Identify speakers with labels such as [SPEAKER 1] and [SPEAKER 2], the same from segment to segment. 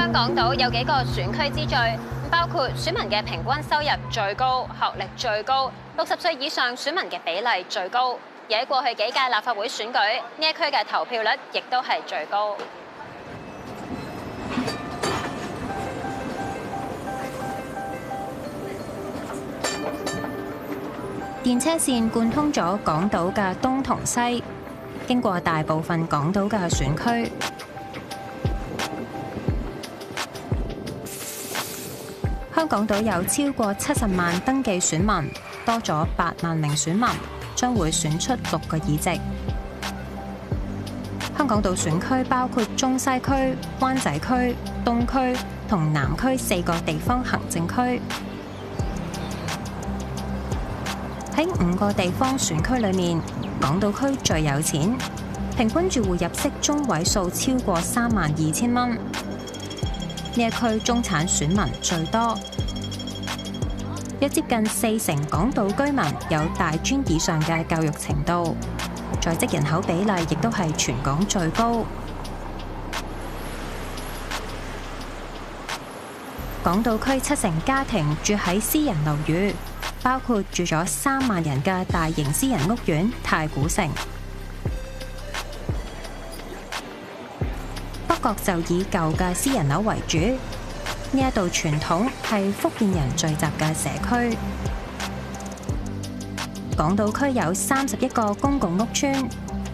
[SPEAKER 1] 香港島有幾個選區之最，包括選民嘅平均收入最高、學歷最高、六十歲以上選民嘅比例最高，而喺過去幾屆立法會選舉，呢一區嘅投票率亦都係最高。電車線貫通咗港島嘅東同西，經過大部分港島嘅選區。香港島有超過七十萬登記選民，多咗八萬名選民，將會選出六個議席。香港島選區包括中西區、灣仔區、東區同南區四個地方行政區。喺五個地方選區裏面，港島區最有錢，平均住戶入息中位數超過三萬二千蚊。呢一區中產選民最多，有接近四成港島居民有大專以上嘅教育程度，在職人口比例亦都係全港最高。港島區七成家庭住喺私人樓宇，包括住咗三萬人嘅大型私人屋苑太古城。國就以舊嘅私人樓為主，呢一度傳統係福建人聚集嘅社區。港島區有三十一個公共屋邨，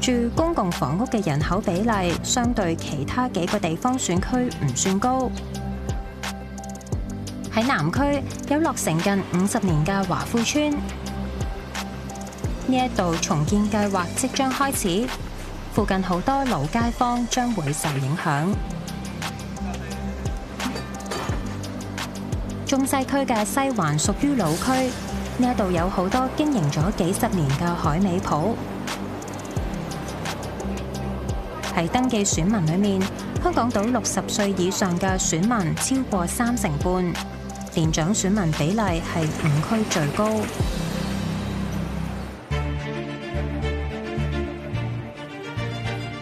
[SPEAKER 1] 住公共房屋嘅人口比例相對其他幾個地方選區唔算高。喺南區有落成近五十年嘅華富邨，呢一度重建計劃即將開始。附近好多老街坊將會受影響。中西區嘅西環屬於老區，呢一度有好多經營咗幾十年嘅海味鋪。喺登記選民裏面，香港島六十歲以上嘅選民超過三成半，年長選民比例係五區最高。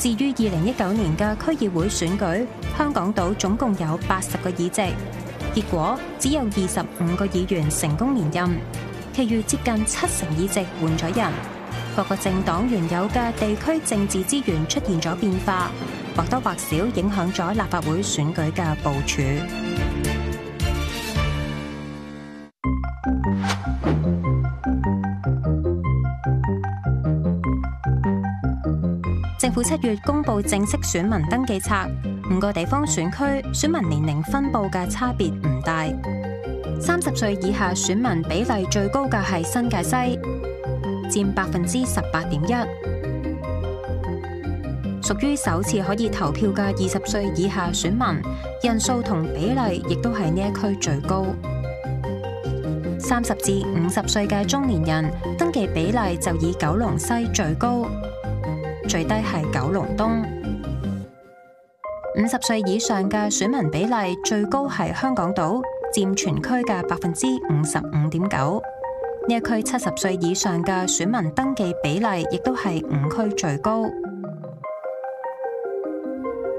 [SPEAKER 1] 至於二零一九年嘅區議會選舉，香港島總共有八十個議席，結果只有二十五個議員成功連任，其餘接近七成議席換咗人。各個政黨原有嘅地區政治資源出現咗變化，或多或少影響咗立法會選舉嘅部署。到七月公布正式選民登記冊，五個地方選區選民年齡分布嘅差別唔大。三十歲以下選民比例最高嘅係新界西，佔百分之十八點一，屬於首次可以投票嘅二十歲以下選民人數同比例亦都係呢一區最高。三十至五十歲嘅中年人登記比例就以九龍西最高。最低係九龍東，五十歲以上嘅選民比例最高係香港島，佔全區嘅百分之五十五點九。呢一區七十歲以上嘅選民登記比例亦都係五區最高。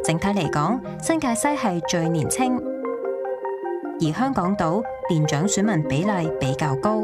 [SPEAKER 1] 整體嚟講，新界西係最年輕，而香港島年長選民比例比較高。